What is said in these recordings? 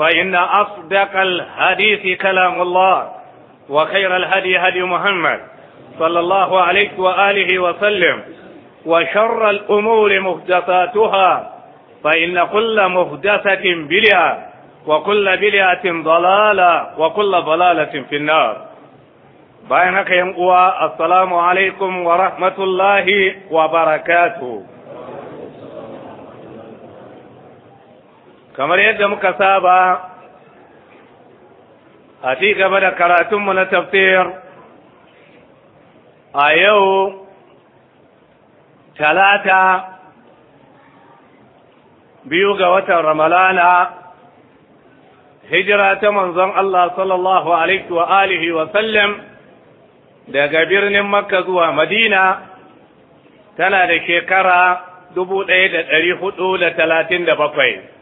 فإن أصدق الحديث كلام الله وخير الهدي هدي محمد صلى الله عليه وآله وسلم وشر الأمور محدثاتها فإن كل محدثة بلعة وكل بلعة ضلالة وكل ضلالة في النار بينك يمقوا السلام عليكم ورحمة الله وبركاته kamar yadda muka saba a ci gaba da karatunmu na tafsir a yau talata biyu ga watan ramalana hijira ta manzon Allah sallallahu alaihi wa alihi wa sallam daga birnin makka zuwa madina tana da shekara dubu ɗaya da ɗari hudu da talatin da bakwai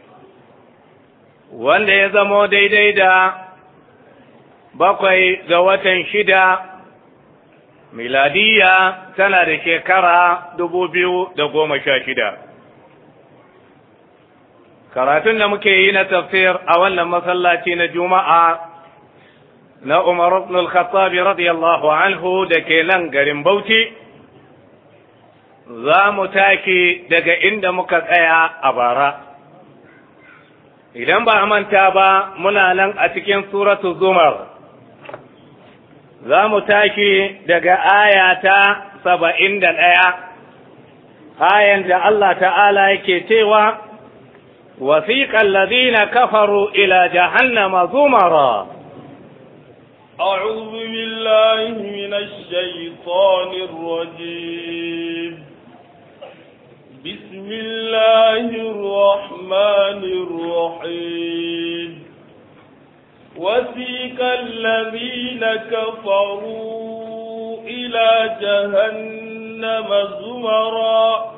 wanda ya zamo daidai da bakwai ga watan shida miladiya tana da shekara dubu biyu da goma sha shida karatun da muke yi na tafsir a wannan masallaci na juma'a na umar ibn radiyallahu anhu da ke nan garin bauchi za mu take daga inda muka tsaya a bara idan ba a manta ba muna nan a cikin suratu zumar za mu tashi daga aya ta saba'in da ɗaya ayan da Allah ta'ala yake cewa wasiƙan lazina kafaru ila jahannama zumara أعوذ بالله من الشيطان الرجيم بسم الله الرحمن الرحيم وسيك الذين كفروا إلى جهنم زمرا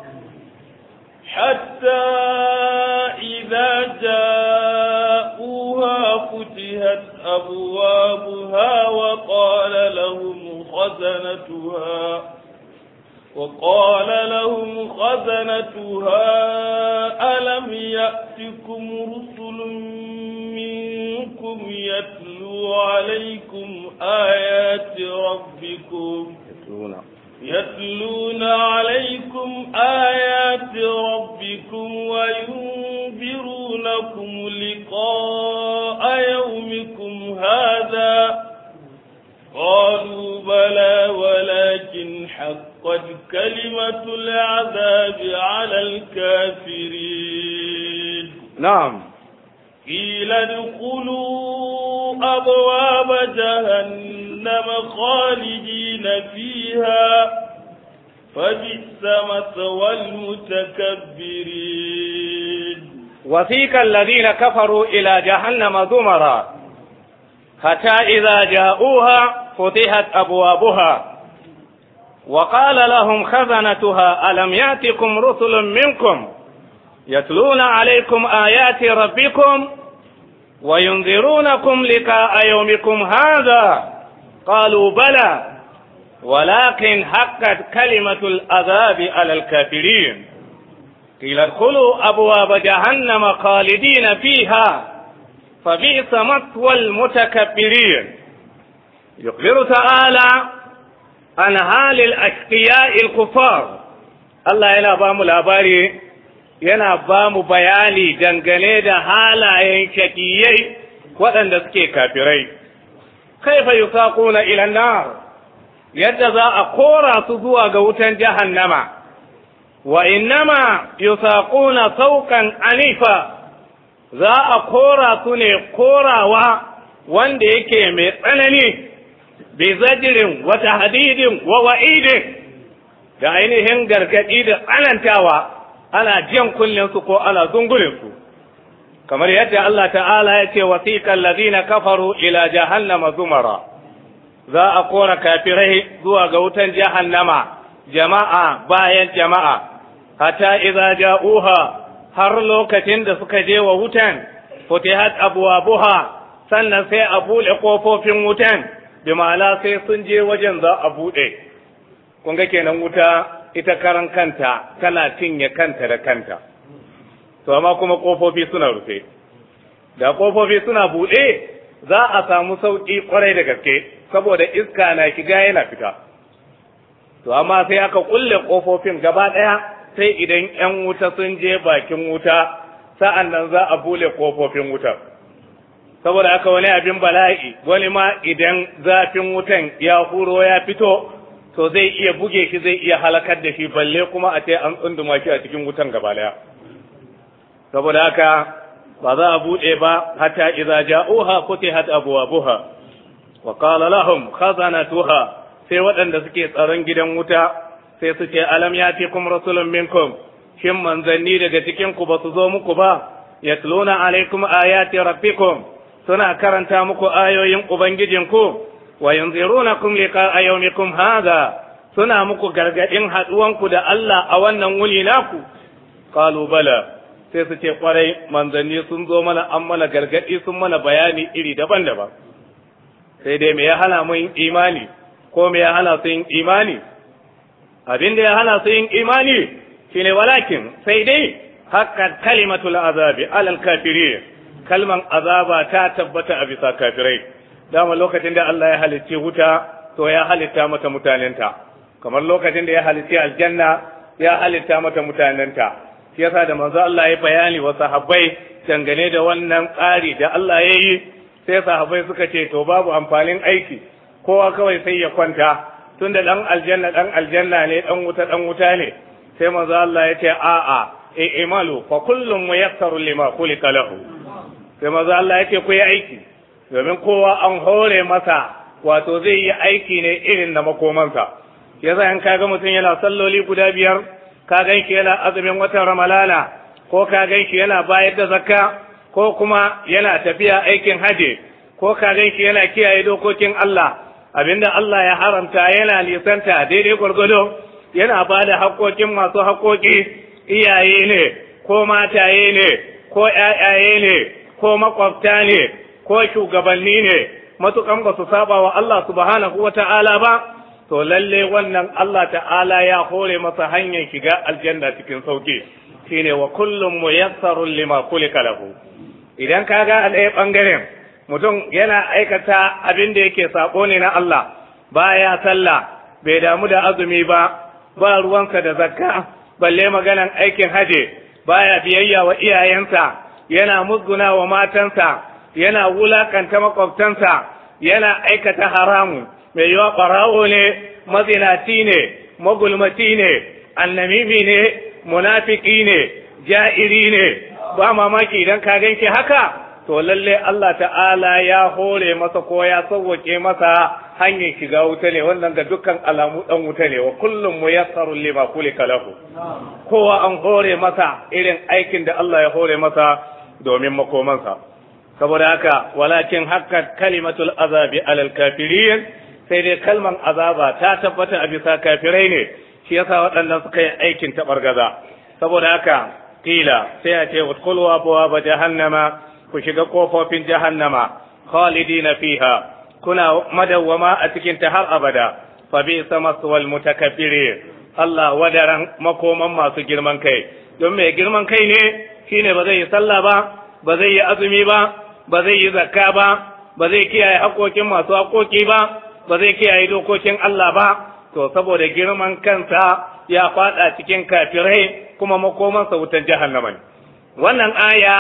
حتى إذا جاءوها فتحت أبوابها وقال لهم خزنتها وقال لهم خزنتها ألم يأتكم رسل منكم يتلو عليكم آيات ربكم يتلون عليكم آيات ربكم وينبرونكم لقاء يومكم هذا قالوا بلى ولكن حقت كلمة العذاب على الكافرين نعم قيل ادخلوا أبواب جهنم خالدين فيها فبئس مثوى المتكبرين وفيك الذين كفروا إلى جهنم زمرا حتى إذا جاءوها فتحت أبوابها وقال لهم خزنتها ألم يأتكم رسل منكم يتلون عليكم آيات ربكم وينذرونكم لقاء يومكم هذا قالوا بلى ولكن حقت كلمة العذاب على الكافرين قيل ادخلوا أبواب جهنم خالدين فيها فبئس مثوى المتكبرين يخبر تعالى عن حال الأشقياء الكفار الله يلا بام الأباري yana ba mu bayani dangane da halayen shakiyai waɗanda suke kafirai kai fa yadda za a kora su zuwa ga wutan jahannama wa innama yi na saukan anifa za a kora su ne korawa wanda yake mai tsanani bi zajirin wa tahdidin wa wa'idin da ainihin gargadi da tsanantawa ana jan kullin su ko ana zungurin kamar yadda Allah ta'ala ya ce wasiqal ladina kafaru ila jahannama zumara za a kora kafirai zuwa ga wutan jahannama jama'a bayan jama'a hatta idza ja'uha har lokacin da suka je wa wutan futihat abwabuha sannan sai a buɗe kofofin wutan bi ma'ana sai sun je wajen za a buɗe kun ga kenan wuta ita karan kanta tana cinye kanta da kanta to amma kuma kofofi suna rufe da kofofi suna buɗe za a samu sauƙi ƙwarai da gaske saboda iska na shiga yana fita to amma sai aka ƙulle kofofin gaba ɗaya sai idan 'yan wuta sun je bakin wuta sa'an nan za a bule kofofin wutar saboda haka wani abin bala'i wani ma idan zafin wutan ya huro ya fito to zai iya buge shi zai iya halakar da shi balle kuma a ce an tsunduma shi a cikin wutan gaba daya saboda haka ba za a buɗe ba hatta idza ja'uha futihat abwabuha wa qala lahum khazanatuha sai waɗanda suke tsaron gidan wuta sai su ce alam yatikum rasulun minkum shin manzanni daga cikin ku ba su zo muku ba yatluna alaikum ayati rabbikum suna karanta muku ayoyin ubangijinku wa a liqa'a yawmikum haza? suna muku gargaɗin haɗuwanku da Allah a wannan wuni naku ƙalubala sai su ce ƙwarai manzanni sun zo mana an mana gargaɗi sun mana bayani iri daban-daban sai dai me ya hana mu yin imani ko me ya hana su yin imani abin da ya hana su yin imani shine walakin sai dai hakka kalimatul azabi alal kafirin kalman azaba ta tabbata a bisa kafirai dama lokacin da Allah ya halitta wuta to ya halitta mata mutanenta kamar lokacin da ya halitta aljanna ya halitta mata mutanenta shi yasa da manzo Allah ya bayani wa sahabbai dangane da wannan ƙari da Allah ya yi sai sahabbai suka ce to babu amfanin aiki kowa kawai sai ya kwanta tunda dan aljanna dan aljanna ne dan wuta dan wuta ne sai manzo Allah ya ce a'a e imalu fa kullum muyassaru lima khuliqa lahu sai maza Allah ya ce ku yi aiki domin kowa an hore masa wato zai yi aiki ne irin na makomansa yasa in kaga mutum yana salloli guda biyar ka shi yana azumin watan ramalala ko ka shi yana bayar da zakka ko kuma yana tafiya aikin haje ko ka shi yana kiyaye dokokin Allah abinda Allah ya haramta yana nisanta daidai gwargwado yana ba da haƙoƙin masu haƙoƙi iyaye ne ko mataye ne ko ƴaƴaye ne ko makwabta ne ko shugabanni ne matukan ba su saba wa Allah subhanahu wa ta'ala ba to lalle wannan Allah ta'ala ya hore masa hanyar shiga aljanna cikin sauki shine wa kullum muyassarun lima kulika lahu idan kaga ga al'ayi bangaren mutum yana aikata abin da yake sako ne na Allah baya sallah bai damu da azumi ba ba ruwansa da zakka balle maganan aikin haje baya biyayya wa iyayensa yana musguna wa matansa yana wulakanta makwabtansa yana aikata haramu mai yiwa ɓarawo ne mazinaci ne magulmati ne annamimi ne munafiki ne ja'iri ne ba mamaki idan ka ganke haka to lalle Allah ta'ala ya hore masa ko ya sauwake masa hanyar shiga wuta ne wannan ga dukkan alamu dan wuta ne wa kullum muyassarun lima kulika lahu kowa an hore masa irin aikin da Allah ya hore masa domin makomansa saboda haka walakin haqqat kalimatul azabi alal kafirin sai dai kalman azaba ta tabbata a bisa kafirai ne shi yasa waɗannan suka yi aikin tabargaza saboda haka kila sai a ce udkhulu abwaaba jahannama ku shiga kofofin jahannama khalidina fiha kuna madawwama a cikin ta har abada fa bi sama ta mutakabbirin Allah wadaran makoman masu girman kai don mai girman kai ne shine ba zai yi sallah ba ba zai yi azumi ba ba zai yi zakka ba ba zai kiyaye haƙoƙin masu haƙoƙi ba ba zai kiyaye dokokin Allah ba to saboda girman kansa ya faɗa cikin kafirai kuma makomansa wutan jahannama ne wannan aya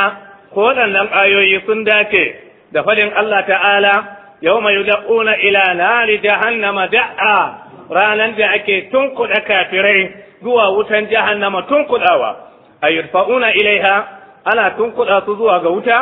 ko waɗannan ayoyi sun dace da faɗin Allah ta'ala yawma yud'una ila nari jahannama da'a ranan da ake tunkuɗa kafirai zuwa wutan jahannama tunkuɗawa ayurfa'una ilaiha ana tunkuɗa su zuwa ga wuta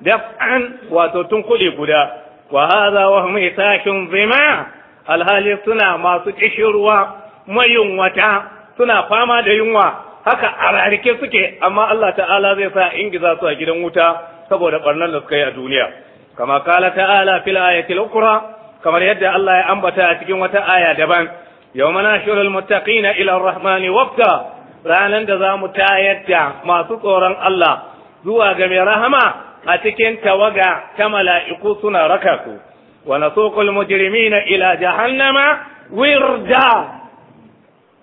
daf'an wato tunkude guda wa hadha wa hum isakun zima alhali suna masu kishirwa mayunwata suna fama da yunwa haka a suke amma Allah ta'ala zai sa ingiza su a gidan wuta saboda barnan da suka yi a duniya kama kala ta'ala fil ayatil ukhra kamar yadda Allah ya ambata a cikin wata aya daban yawma nashurul muttaqina ila ar-rahmani wafta ranar da za mu tayar da masu tsoron Allah zuwa ga mai rahama a cikin tawaga ta mala'iku suna raka su wa nasuqul mujrimina ila jahannama wirda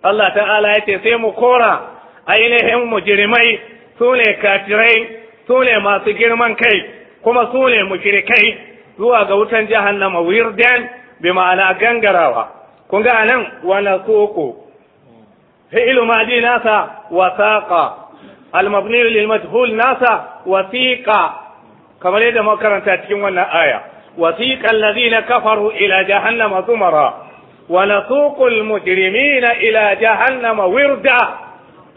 Allah ta'ala yace sai mu kora ainihin mujirimai su ne kafirai su ne masu girman kai kuma su ne kai, zuwa ga wutan jahannama wirdan bi ma'ana gangarawa kun ga nan wa nasuqu فعل ماضي ناسا وثاقا المبني للمجهول ناسا وثيقا كما يد ما كانت تكون وانا آية وثيق الذين كفروا إلى جهنم زمرا ونسوق المجرمين إلى جهنم وردا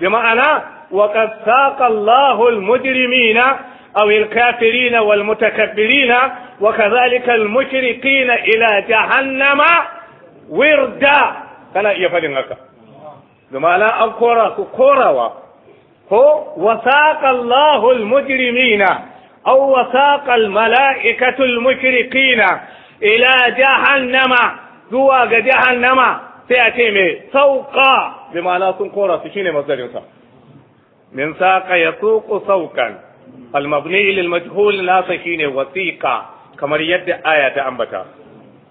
بمعنى وقد ساق الله المجرمين أو الكافرين والمتكبرين وكذلك المشركين إلى جهنم وردا كان يفعل هكذا bi an kora su korawa ko wasaqa Allahu al-mujrimina aw wasaqa al-mala'ikatu al-mushrikina ila jahannama zuwa ga jahannama sai a ce me sauka bi ma'ana sun kora su shine masdarin sa min saqa yasuqu saukan al-mabni lil majhul nasa shine wasiqa kamar yadda aya ta ambata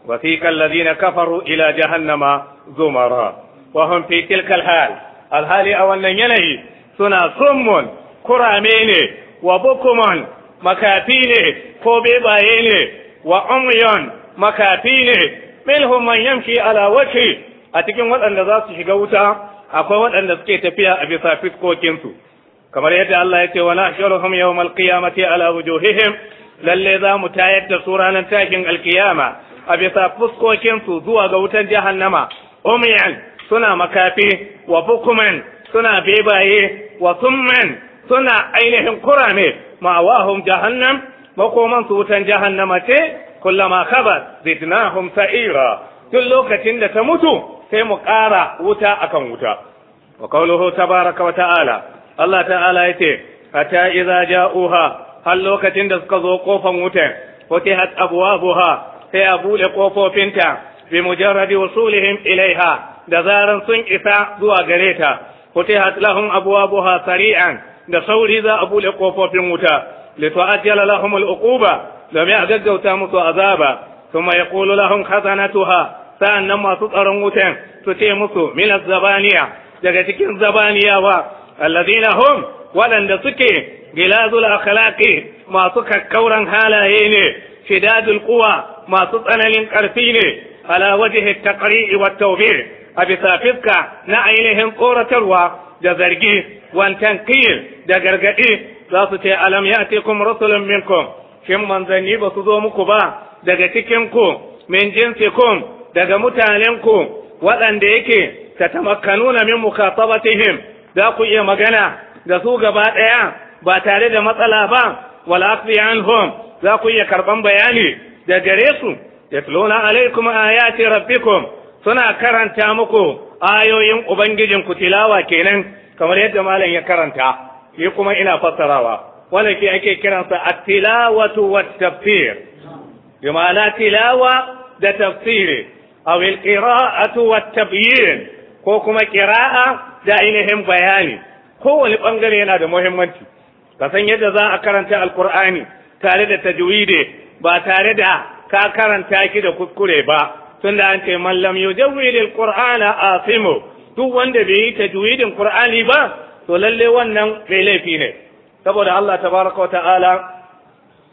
wasiqa alladhina kafaru ila jahannama zumara wa fi tilkal hal alhali a wannan yanayi suna summun kurame ne wa bukumun makafi ne ko bebaye ne wa umyon makafi ne minhum man yamshi ala wajhi a cikin waɗanda za su shiga wuta akwai waɗanda suke tafiya a bisa fiskokinsu kamar yadda Allah ya ce wa nahshuruhum yawmal qiyamati ala wujuhihim lalle za mu tayar da su ranar takin alkiyama a bisa fuskokinsu zuwa ga wutan jahannama umyan suna makafi wa bukuman suna bebaye wa summan suna ainihin kurame ma'awahum jahannam makoman su wutan jahannama ce kullama khabat zidnahum sa'ira duk lokacin da ta mutu sai mu ƙara wuta akan wuta wa qawluhu tabaraka wa ta'ala Allah ta'ala yace hatta idza ja'uha har lokacin da suka zo kofan wutan a abwabuha sai a buɗe kofofinta bi mujarradi wusulihim ilaiha da zaran sun isa zuwa gare ta futihat lahum abwabuha sari'an da sauri za a bude kofofin wuta litu'ajjala lahum al'uquba domin a gaggauta musu azaba kuma yaqulu lahum khazanatuha sa'annan masu tsaron wutan su ce musu min zabaniya daga cikin zabaniyawa alladhina hum waɗanda suke gilazul akhlaqi masu kakkauran halaye ne shidadul quwa masu tsananin ƙarfi ne ala wajhi at-taqri'i wat-tawbi' a bisa fiska na ainihin tsoratarwa da zargi wantan kiyil da gargaɗi za su ce alam ya ce kuma rasulun minkum shin manzanni ba su zo muku ba daga cikin ku min kum daga mutanen ku waɗanda yake nuna min mukatabatihim za ku iya magana da su gaba ɗaya ba tare da matsala ba wala afi anhum za ku iya karɓan bayani da gare su yatluna alaikum ayati rabbikum suna karanta muku ayoyin ubangijinku tilawa kenan kamar yadda malam ya karanta ni kuma ina fassarawa wanda ke ake kiransa a tilawatu wat-tafsir bi ma'ana tilawa da tafsiri a al a wat-tabyin ko kuma qira'a da ainihin bayani kowane bangare yana da muhimmanci ka san yadda za a karanta alkur'ani tare da tajwidi ba tare da ka karanta ki da kuskure ba tunda an ce man lam a simo duk wanda bai yi tajwidin kur'ani ba to lalle wannan bai laifi ne saboda Allah ta'ala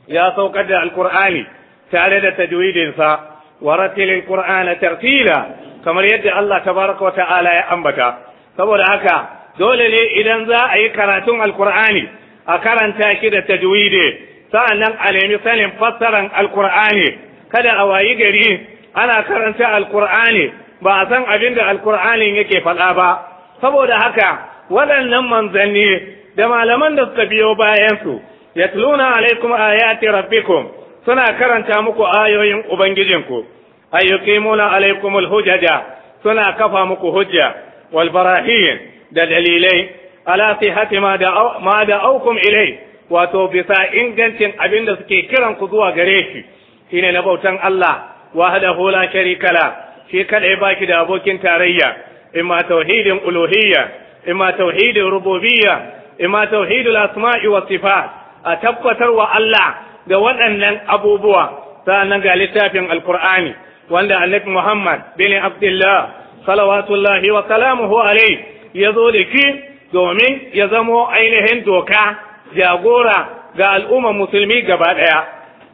ya saukar da alqur'ani tare da tajwidinsa sa wa ratilil qur'ana tartila kamar yadda Allah tabaraka ta'ala ya ambata saboda haka dole ne idan za a yi karatun alqur'ani a karanta shi da tajwidi sa'annan a nemi sanin fassaran alqur'ani kada a wayi gari ana karanta alkur'ani ba a san abin da alkur'anin yake faɗa ba saboda haka waɗannan manzanni da malaman da suka biyo bayansu yatluna alaikum ayati rabbikum suna karanta muku ayoyin ubangijinku ayyukimuna alaikum alhujaja suna kafa muku hujja wal barahin da dalilai ala sihati ma da ma da aukum ilai wato bisa ingancin abin da suke kiran ku zuwa gare shi shine na bautan Allah wahdahu la sharika la shi kadai baki da abokin tarayya imma tauhidin uluhiyya imma tauhidin rububiyya imma tauhidul asma'i was sifat a tabbatar wa Allah da waɗannan abubuwa sannan ga littafin alkur'ani wanda annabi Muhammad bin Abdullah salawatullahi wa salamuhu alayhi ya zo da shi domin ya zamo ainihin doka jagora ga al'ummar musulmi gaba ɗaya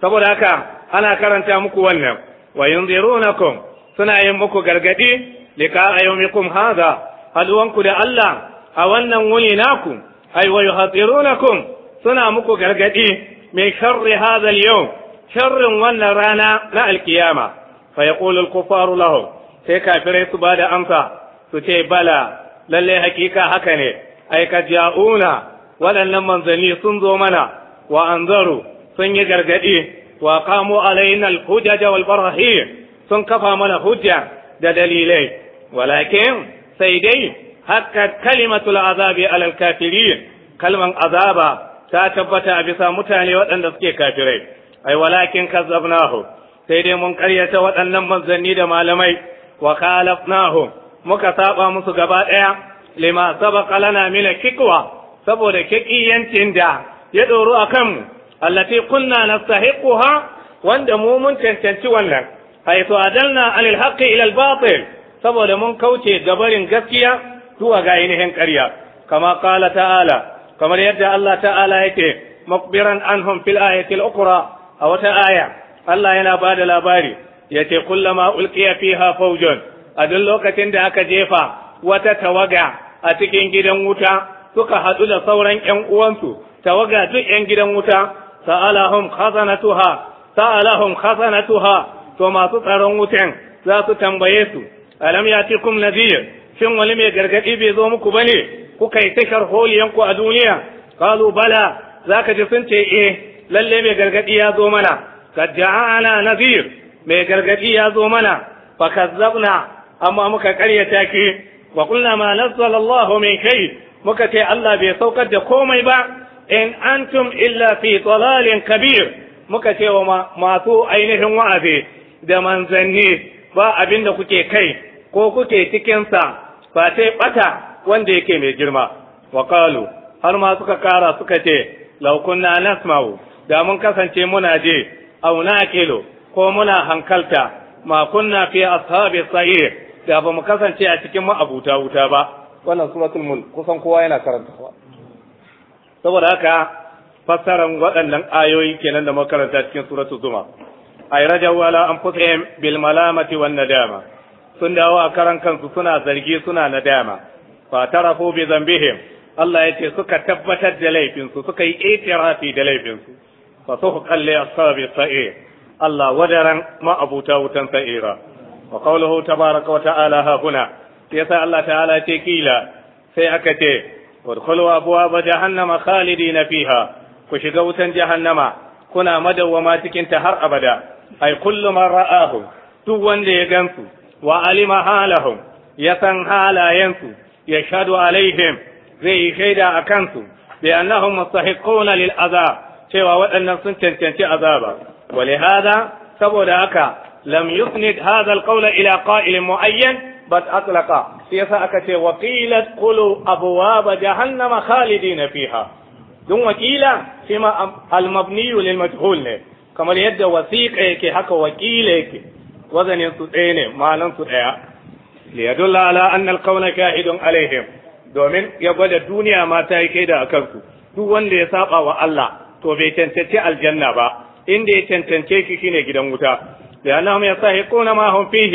saboda haka ana karanta muku wannan wa yunzirunakum suna yin muku gargadi lika ayyumikum hadha haduwanku da Allah a wannan wuni naku ay wa suna muku gargadi min sharri hadha al-yawm sharrin wannan rana na alkiyama fa yaqulu al-kufaru laho? sai kafirai su bada amsa su ce bala lalle hakika haka ne ai ka ja'una waɗannan manzani sun zo mana wa anzaru sun yi gargadi wa qamu alaina al sun kafa mana hujja da dalilai walakin sai dai hakka kalimatul azabi alal kafirin kalman azaba ta tabbata a bisa mutane waɗanda suke kafirai ai walakin kazzabnahu sai dai mun karyata waɗannan manzanni da malamai wa khalafnahu muka saba musu gaba ɗaya lima sabaqa lana min kikwa saboda kikiyancin da ya doro akan mu allati kunna nastahiquha wanda mu mun cancanci wannan haythu adalna anil haqqi ila al batil saboda mun kauce gabarin gaskiya zuwa ga ainihin ƙarya kama qala ta'ala kamar yadda Allah ta'ala yake mukbiran anhum fil ayati al ukhra a wata aya Allah yana bada labari yace kullama ulqiya fiha fawjun a duk lokacin da aka jefa wata tawaga a cikin gidan wuta suka haɗu da sauran ƴan uwansu tawaga duk ƴan gidan wuta sa'alahum khazanatuha sa'alahum khazanatuha to masu tsaron wutan za su tambaye su alam kum Nazir shin wani mai gargadi bai zo muku bane kuka yi tashar holiyan ku a duniya qalu bala zaka ji sun ce eh lalle mai gargadi ya zo mana kad ja'ana Nazir mai gargadi ya zo mana fa kazzabna amma muka karyata ki wa qulna ma nazzala Allah min kai muka ce Allah bai saukar da komai ba in antum illa fi dalalin kabir muka ce wa masu ainihin wa'azi da manzanni ba abin da kuke kai ko kuke cikinsa ba sai bata wanda yake mai girma wa qalu har ma suka kara suka ce law kunna nasma'u da mun kasance muna je aw naqilu ko muna hankalta ma kunna fi ashabi sahih da ba mu kasance a cikin abuta wuta ba wannan suratul mulk kusan kowa yana karanta saboda haka fassaran waɗannan ayoyi kenan da makaranta cikin suratul zuma ay rajaw ala anfusihim bil malamati wan nadama sun dawo a karan kansu suna zargi suna nadama fa tarafu bi zambihim Allah ya ce suka tabbatar da laifinsu suka yi itirafi da laifinsu fa suhqan li ashabi sa'ir Allah wadaran ma'abuta wutan sa'ira wa qawluhu tabaraka wa ta'ala ha huna yasa Allah ta'ala ce kila sai aka ce wadkhulu abwaaba jahannama khalidina fiha ku shiga wutan jahannama kuna madawwama cikin ta har abada ai kullu man ra'ahu duk wanda ya gansu wa alima halahum ya san halayensu ya shadu alaihim zai yi shaida a kansu bi annahum mustahiquna lil azab cewa waɗannan sun cancanci azaba wa hada saboda haka lam yusnid hadha al qawla ila qa'ilin muayyan bat atlaqa shi yasa aka ce wa qilat qulu abwaab jahannama khalidina fiha dun wakila shi ma al mabni lil majhul ne kamar yadda wasiqa yake haka wakila yake wazanin su ɗaya ne malan su ɗaya liyadulla ala anna al qawla kahidun alaihim domin ya gwada duniya ma ta yi kaida a kansu duk wanda ya saba wa Allah to bai tantance aljanna ba inda ya tantance shi shine gidan wuta لأنهم يستحقون ما هم فيه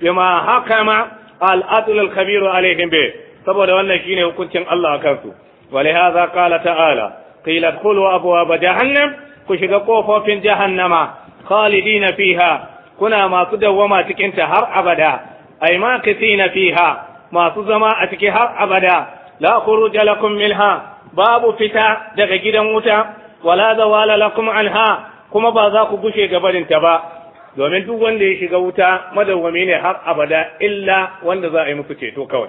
bima hakama al adl al khabir alaihim saboda wannan shine hukuncin Allah akan su walihaza qala ta'ala qila adkhulu abwaab jahannam ku shiga kofofin jahannama khalidina fiha kuna masu dawwama cikin ta har abada ay maqitina fiha masu zama a ciki har abada la khuruja lakum minha babu fita daga gidan wuta wala zawala lakum anha kuma ba za ku gushe gabarin ta ba domin duk wanda ya shiga wuta madawwami ne har abada illa wanda za a yi musu ceto kawai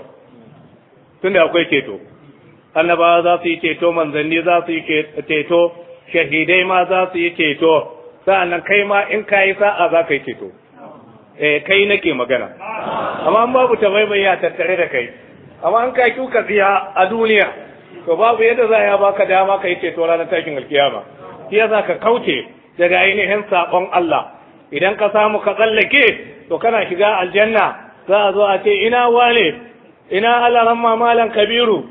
tunda akwai ceto annaba za su yi ceto manzanni za su yi ceto shahidai ma za su yi ceto sa'annan kai ma in ka yi sa'a za ka yi ceto eh kai nake magana amma an babu tabaibayi ya tattare da kai amma an ka kuka ziya a duniya to babu yadda za ya baka dama ka yi ceto ranar takin alkiyama shi yasa ka kauce daga ainihin sabon Allah idan ka samu ka tsallake to kana shiga aljanna za a zo a ce ina wane ina alaran mamalan kabiru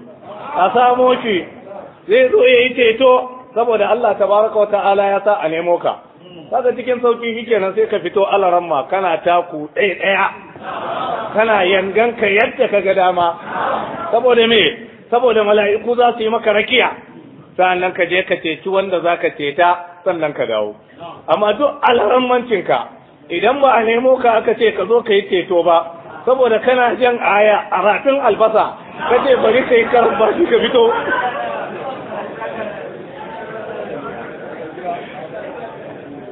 a samo shi zai zo ya yi ceto saboda Allah tabaraka wata ta'ala ya sa a nemo ka kaga cikin sauki shikenan sai ka fito alaran ma kana taku ɗaya ɗaya kana yangan ka yadda ka ga dama saboda me saboda mala'iku za su yi maka rakiya sannan ka je ka ceci wanda za ka ceta sannan ka dawo amma duk alhammancinka idan ba a nemo ka aka ce ka zo ka yi ceto ba saboda kana jan aya a ratin albasa ka ce bari ka yi karan shi ka fito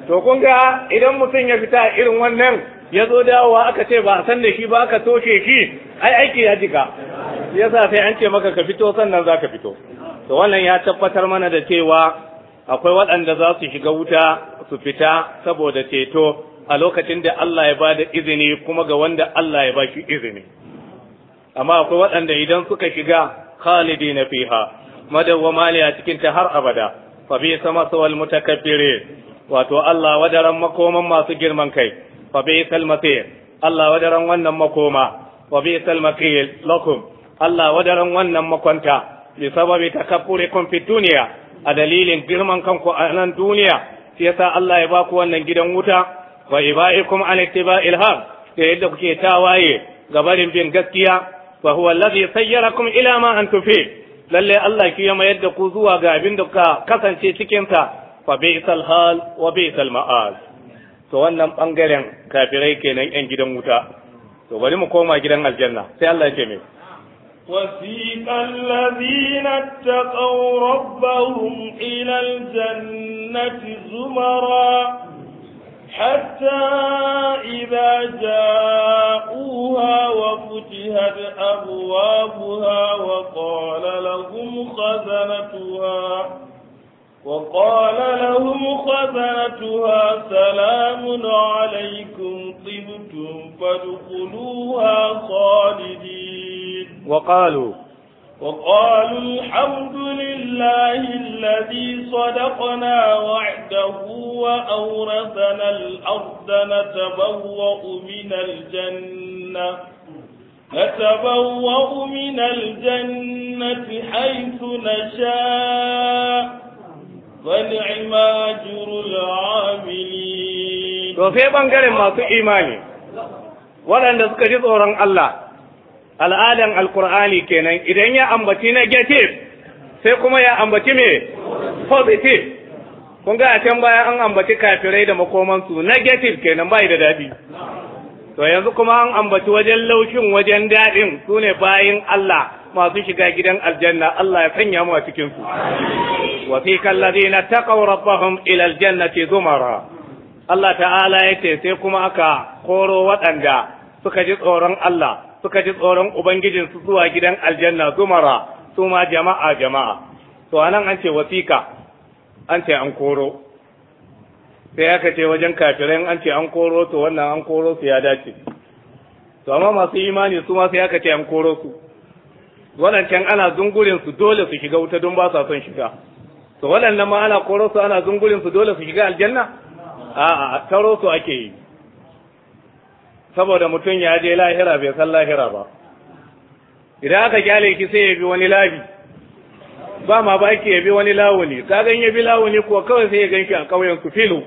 to kun ga idan mutum ya fita irin wannan ya zo dawowa aka ce ba a san da shi ba aka toshe shi ai aiki ya jika sa sai an ce maka ka fito sannan za ka fito to wannan ya tabbatar mana da cewa akwai waɗanda za su shiga wuta su fita saboda ceto a lokacin da Allah ya ba da izini kuma ga wanda Allah ya bashi izini amma akwai waɗanda idan suka shiga khalidina fiha madawwama ne a cikin ta har abada fa bi sama sawal mutakabbirin wato Allah wadaran makoman masu girman kai fa bi'sal masir Allah wadaran wannan makoma wa bi'sal lakum Allah wadaran wannan makwanta bi sababi takabburikum fi dunya a dalilin girman kanku a nan duniya sai yasa Allah ya baku wannan gidan wuta wa ibaikum an ittiba'il haq da yadda kuke tawaye ga barin bin gaskiya wa huwa allazi sayyarakum ila ma antum fi lalle Allah ki ya mayar da ku zuwa ga abin da kuka kasance cikin sa fa bi'sal hal wa bi'sal ma'al so wannan ɓangaren kafirai kenan yi gidan wuta do ba mu koma gidan aljanna sai allan ta yi min. wasiƙan lazinar ta ƙauro ba huɗun zumara hatta ibada buhuwa wa fiti haɗa abuwa buhuwa ƙaunar lafun na tuwa. وقال لهم خزنتها سلام عليكم طبتم فادخلوها خالدين وقالوا وقالوا الحمد لله الذي صدقنا وعده وأورثنا الأرض نتبوأ من الجنة نتبوأ من الجنة حيث نشاء to sai bangaren masu imani waɗanda suka ji tsoron Allah al'adan alkur'ani kenan idan ya ambaci negative sai kuma ya ambaci me positive kun ga a can baya an ambaci kafirai da makomansu negative kenan bai da daɗi to yanzu kuma an ambaci wajen laushin wajen daɗin su ne bayin Allah masu shiga gidan aljanna Allah ya sanya mu a cikin su wa fi kallazina taqaw rabbahum ila aljannati zumara Allah ta'ala yace sai kuma aka koro waɗanda suka ji tsoron Allah suka ji tsoron ubangijin su zuwa gidan aljanna zumara su ma jama'a jama'a to anan an ce wasika an ce an koro sai aka ce wajen kafirai an ce an koro to wannan an koro su ya dace to amma masu imani su ma sai aka ce an koro su waɗancan ana zungurin su dole su shiga wuta don ba sa son shiga to waɗannan ma ana koro su ana zungurin su dole su shiga aljanna a'a taro su ake yi saboda mutum ya je lahira bai san lahira ba idan aka kyale ki sai ya bi wani labi ba ma baki ya bi wani lawuni ka gan ya bi lawuni kuwa kawai sai ya ganki a ƙauyen su filo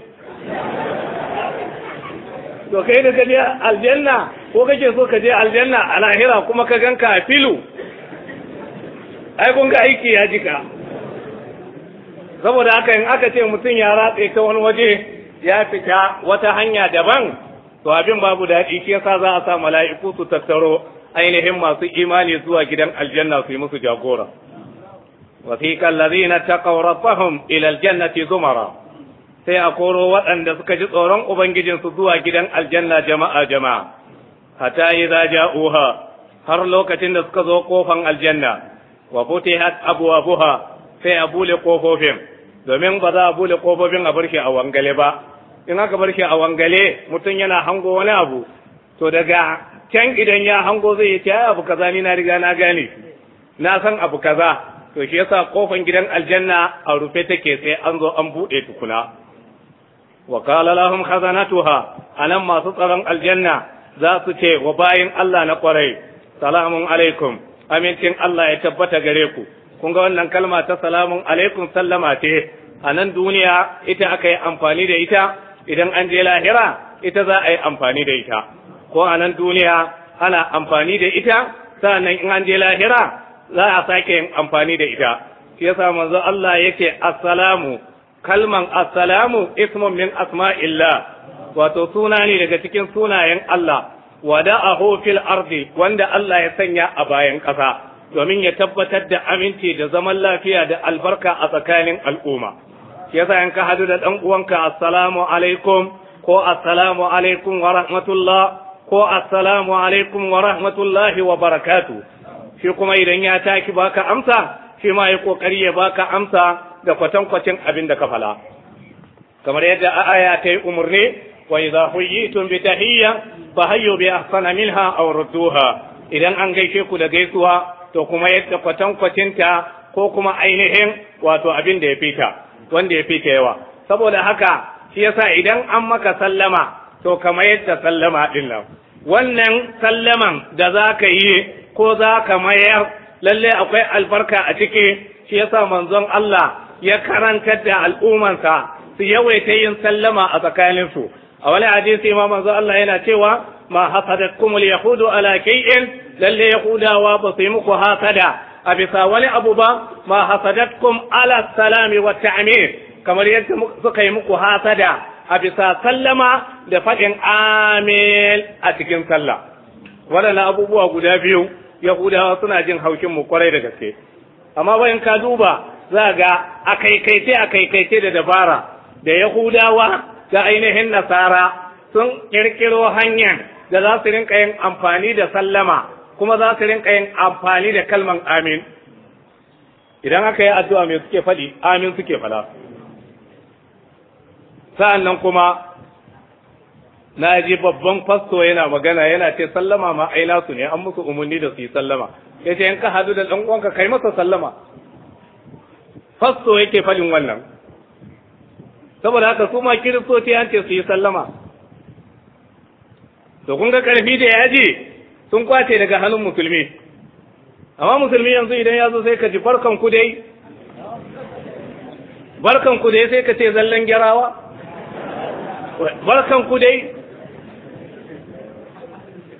to kai da ka je aljanna ko kake so ka je aljanna a lahira kuma ka ganka a filu ai kun ga aiki ya jika saboda haka in aka ce mutum ya ratse ta wani waje ya fita wata hanya daban to abin babu daɗi shi yasa za a sa mala'iku su tattaro ainihin masu imani zuwa gidan aljanna su yi musu jagora وفيك الذين اتقوا ربهم إلى الجنة زمرا sai a koro waɗanda suka ji tsoron ubangijinsu zuwa gidan aljanna jama'a jama'a za ja uha har lokacin da suka zo kofan aljanna wa abuwa-buha, sai a bule kofofin domin ba za a bule kofofin a barke a wangale ba in aka barke a wangale mutum yana hango wani abu to daga can idan ya hango zai yi ta abu kaza ni na riga na gane na san abu kaza to shi yasa kofan gidan aljanna a rufe take sai an zo an buɗe tukuna wa qala lahum khazanatuha anan masu tsaron aljanna za su ce wa bayin Allah na kwarai salamun alaikum amincin Allah ya tabbata gare ku kun ga wannan kalma ta salamun alaikum sallama ce a nan duniya ita aka yi amfani da ita idan an je lahira ita za a yi amfani da ita ko a nan duniya ana amfani da ita sannan in an je lahira za a sake yin amfani da ita shi yasa manzo Allah yake assalamu kalman assalamu ismun min asma'illah wato suna ne daga cikin sunayen Allah wada'ahu fil ardi wanda Allah ya sanya a bayan ƙasa domin ya tabbatar da aminci da zaman lafiya da albarka a tsakanin al'umma yasa in ka hadu da dan uwanka assalamu alaikum ko assalamu alaikum wa rahmatullah ko assalamu alaikum wa rahmatullahi wa barakatuh shi kuma idan ya taki baka amsa shi ma ya kokari ya baka amsa da kwatankwacin abin da ka fala kamar yadda aya ta yi umarni wa idza huyitum bi tahiyya fa hayyu bi ahsana minha aw rudduha idan an gaishe ku da gaisuwa to kuma yadda kwatankwacin ta ko kuma ainihin wato abin da ya fita wanda ya fita yawa saboda haka shi yasa idan an maka sallama to kamar yadda sallama din nan wannan sallaman da za ka yi ko za ka mayar lallai akwai albarka a ciki shi yasa manzon Allah ya karantar da al'umansa su yawaita yin sallama a tsakaninsu a wani hadisi ma manzo Allah yana cewa ma yahudu ala kay'in lalle yahudawa ba su yi muku hasada a bisa wani abu ba ma hasadatkum ala salami wa ta'mir kamar yadda suka yi muku hasada a bisa sallama da faɗin amin a cikin sallah waɗannan abubuwa guda biyu yahudawa suna jin haukin mu kwarai da gaske amma bayan ka duba za ga a kaikaice a kaikaice da dabara da yahudawa da ainihin nasara sun kirkiro hanyar da za su rinka yin amfani da sallama kuma za su rinka yin amfani da kalman amin idan aka yi addu'a mai suke faɗi amin suke faɗa sa'an nan kuma na ji babban fasto yana magana yana ce sallama ma aina su ne an musu umarni da su yi sallama ya ce in ka hadu da ɗan uwanka kai masa sallama fasto yake falin wannan saboda haka su ma kiristoci an ce su yi sallama to kun ga karfi da yaji sun kwace daga hannun musulmi amma musulmi yanzu idan ya zo sai ka ji barkan ku dai barkan ku dai sai ka ce zallan gyarawa barkan ku dai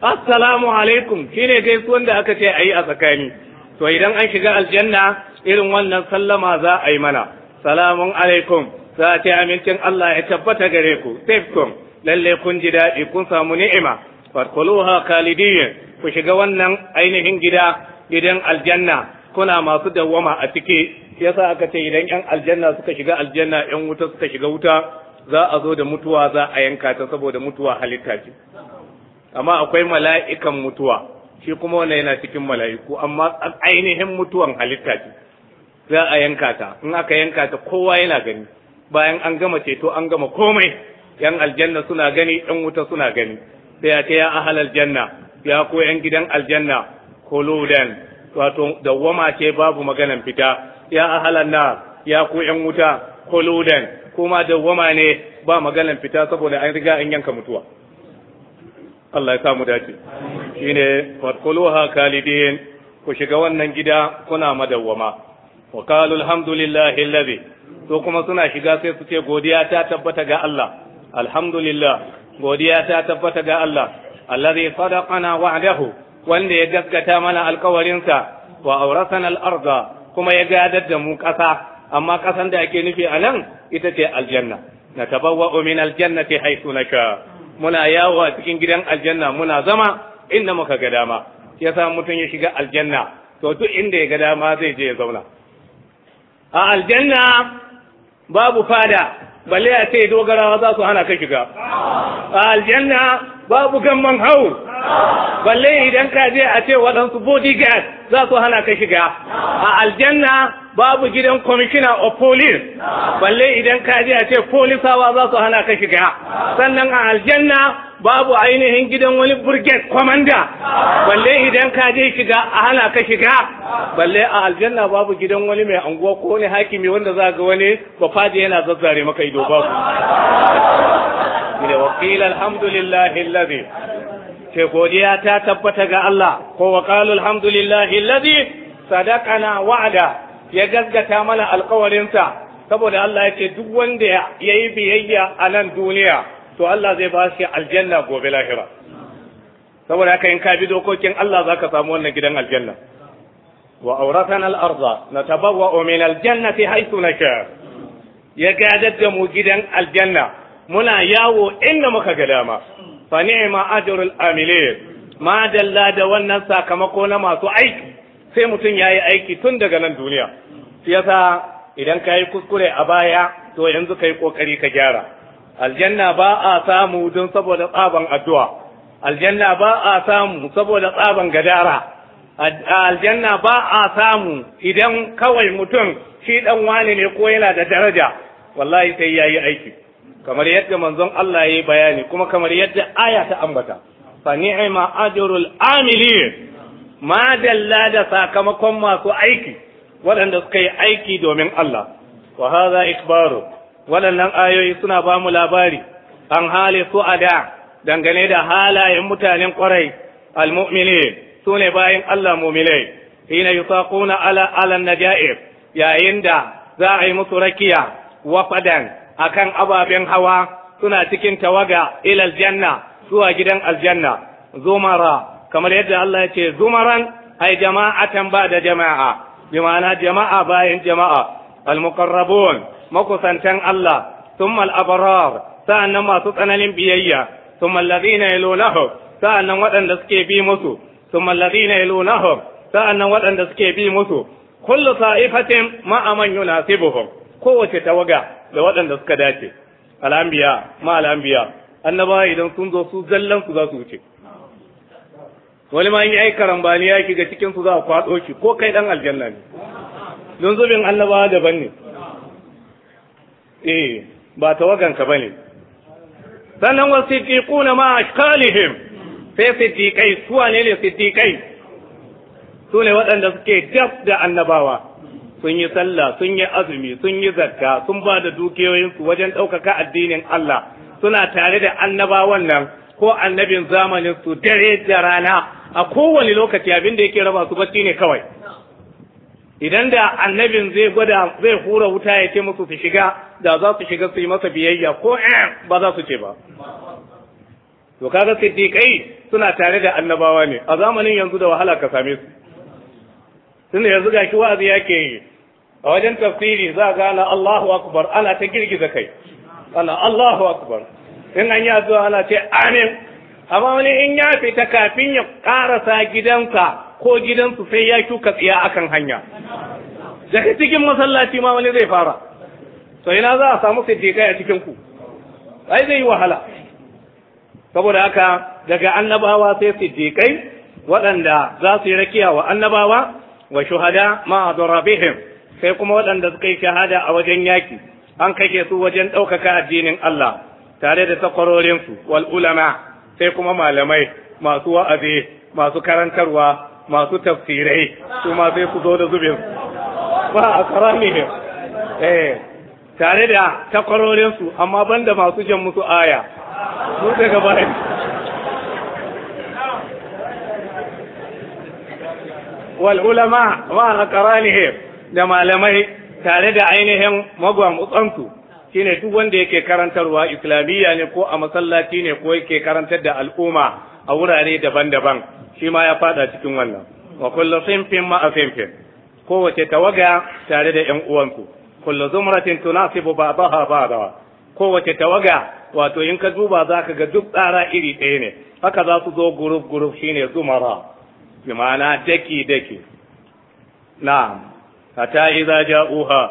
assalamu alaikum shine gaisuwan da aka ce ayi a tsakani to idan an shiga aljanna irin wannan sallama za a yi mana salamun alaikum za a ce amincin Allah ya tabbata gare ku tafkum lalle kun ji daɗi kun samu ni'ima farkuluha kalidiyin ku shiga wannan ainihin gida gidan aljanna kuna masu dawwama a ciki yasa aka ce idan yan aljanna suka shiga aljanna yan wuta suka shiga wuta za a zo da mutuwa za a yanka ta saboda mutuwa halitta ce amma akwai mala'ikan mutuwa shi kuma wannan yana cikin mala'iku amma ainihin mutuwan halitta ce za a yanka ta in aka yanka ta kowa yana gani bayan an gama ceto an gama komai yan aljanna suna gani yan wuta suna gani sai ya ce ya ahal aljanna ya ko yan gidan aljanna kholudan wato dawwama ce babu maganan fita ya ahalan na ya ko yan wuta kholudan kuma dawwama ne ba maganan fita saboda an riga an yanka mutuwa Allah ya sa mu dace shine fadkhuluha kalidin ku shiga wannan gida kuna madawwama wa qalu alhamdulillahi alladhi to kuma suna shiga sai su ce godiya ta tabbata ga Allah alhamdulillah godiya ta tabbata ga Allah alladhi sadaqana wa'dahu wanda ya gaskata mana alkawarinsa wa aurasana al-arda kuma ya gadar da mu ƙasa amma ƙasan da ake nufi a nan ita ce aljanna na Aljanna min aljannati haythu nasha muna yawo a cikin gidan aljanna muna zama inda muka ga dama yasa mutum ya shiga aljanna to duk inda ya ga dama zai je ya zauna a aljanna babu fada balle a ce dogarawa za su hana ka shiga a aljanna babu gamban hau balle idan ka je a ce waɗansu bodyguard za su hana ka shiga a aljanna babu gidan commissioner of police balle idan ka je a ce polisawa za su hana ka shiga sannan a aljanna babu ainihin gidan wani burget kwamanda balle idan ka je shiga a hana ka shiga balle a aljanna babu gidan wani mai anguwa ko wani hakimi wanda za ga wani bafaji yana zazzare maka ido babu da wakil alhamdulillah alladhi ce godiya ta tabbata ga Allah ko qalu alhamdulillah alladhi sadaqana wa'ada ya gaskata mana alƙawarinsa saboda Allah ya ce duk wanda ya yi biyayya a nan duniya to Allah zai ba shi aljanna gobe lahira saboda haka in ka bi dokokin Allah zaka samu wannan gidan aljanna wa awratana al-ardha natabawwa min al-jannati haythu nasha ya gadar da mu gidan aljanna muna yawo inda muka ga dama fa ni'ma ajrul amilin ma dalla da wannan sakamako na masu aiki sai mutum yayi aiki tun daga nan duniya shi yasa idan ka yi kuskure a baya to yanzu ka yi ƙoƙari ka gyara aljanna ba a samu don saboda tsaban addu'a aljanna ba a samu saboda tsaban gadara aljanna ba a samu idan kawai mutum shi dan wani ne ko yana da daraja wallahi sai yayi aiki kamar yadda manzon Allah yayi bayani kuma kamar yadda aya ta ambata fa ni'ma ajrul amilin ma dalla da sakamakon masu aiki waɗanda suka yi aiki domin Allah wa hadha ikbaru waɗannan ayoyi suna ba mu labari an hali su a da dangane da halayen mutanen ƙwarai almu'mini su ne bayan Allah mumilai yi saƙuna ala na najaib yayin da za a yi musu rakiya a kan ababen hawa suna cikin tawaga ila janna zuwa gidan aljanna zumara kamar yadda Allah ya ce zumaran ai jama'atan ba da jama'a bi ma'ana jama'a bayan jama'a al-muqarrabun makusantan Allah sun al sa’an nan masu tsananin biyayya thumma alladhina sa’an nan waɗanda suke bi musu thumma alladhina sa’an nan waɗanda suke bi musu kullu sa'ifatin ma'a man yunasibuhum kowace tawaga da waɗanda suka dace al’ambiya, ma ma an na annabawa idan sun zo su zallan su za su wuce wani ma yi ai karambani ki ga cikin su za a kwaɗo shi ko kai ɗan aljanna ne don zubin annabawa daban ne eh ba tawaganka bane sannan wa siddiquna ma ashqalihim sai siddiqai su ne ne siddiqai su ne waɗanda suke daf da annabawa sun yi sallah sun yi azumi sun yi zakka sun ba da dukiyoyinsu wajen ɗaukaka addinin Allah suna tare da annabawan nan ko annabin zamanin su dare da rana a kowane lokaci abin da yake raba su bacci ne kawai idan da annabin zai gwada zai hura wuta ya ce musu su shiga da za su shiga su yi masa biyayya ko eh ba za su ce ba to kaga siddiqai suna tare da annabawa ne a zamanin yanzu da wahala ka same su tunda yanzu ga shi wa'azi yake yi a wajen tafsiri za ga ana Allahu akbar ana ta girgiza kai ana Allahu akbar in an yi addu'a ana ce amin amma wani in ya fita kafin ya karasa gidansa ko gidansu sai ya shuka tsiya akan hanya daga cikin masallaci ma wani zai fara to ina za a samu dai a cikin ku ai zai wahala saboda haka daga annabawa sai siddiqai waɗanda za su yi rakiya wa annabawa wa shuhada ma adrabihim sai kuma waɗanda suka yi shahada a wajen yaki an kake su wajen ɗaukaka addinin Allah tare da takwarorinsu wal ulama sai kuma malamai masu wa'azi masu karantarwa masu tafsirai su ma sai ku zo da zubin ba a ne eh tare da su amma banda masu jan musu aya su daga bayan wal ulama ma qaranihim da malamai tare da ainihin magwamutsansu shine duk wanda yake karantarwa islamiyya ne ko a masallaci ne ko yake karantar da al'umma a wurare daban-daban shi ma ya fada cikin wannan wa kullu sinfin ma'a sinfin kowace tawaga tare da yan uwanku kullu zumratin tunasibu ba'daha ba'daha kowace tawaga wato in ka duba za ga duk tsara iri ɗaya ne haka za su zo guruf guruf shine zumara bi ma'ana daki daki na'am hatta idza ja'uha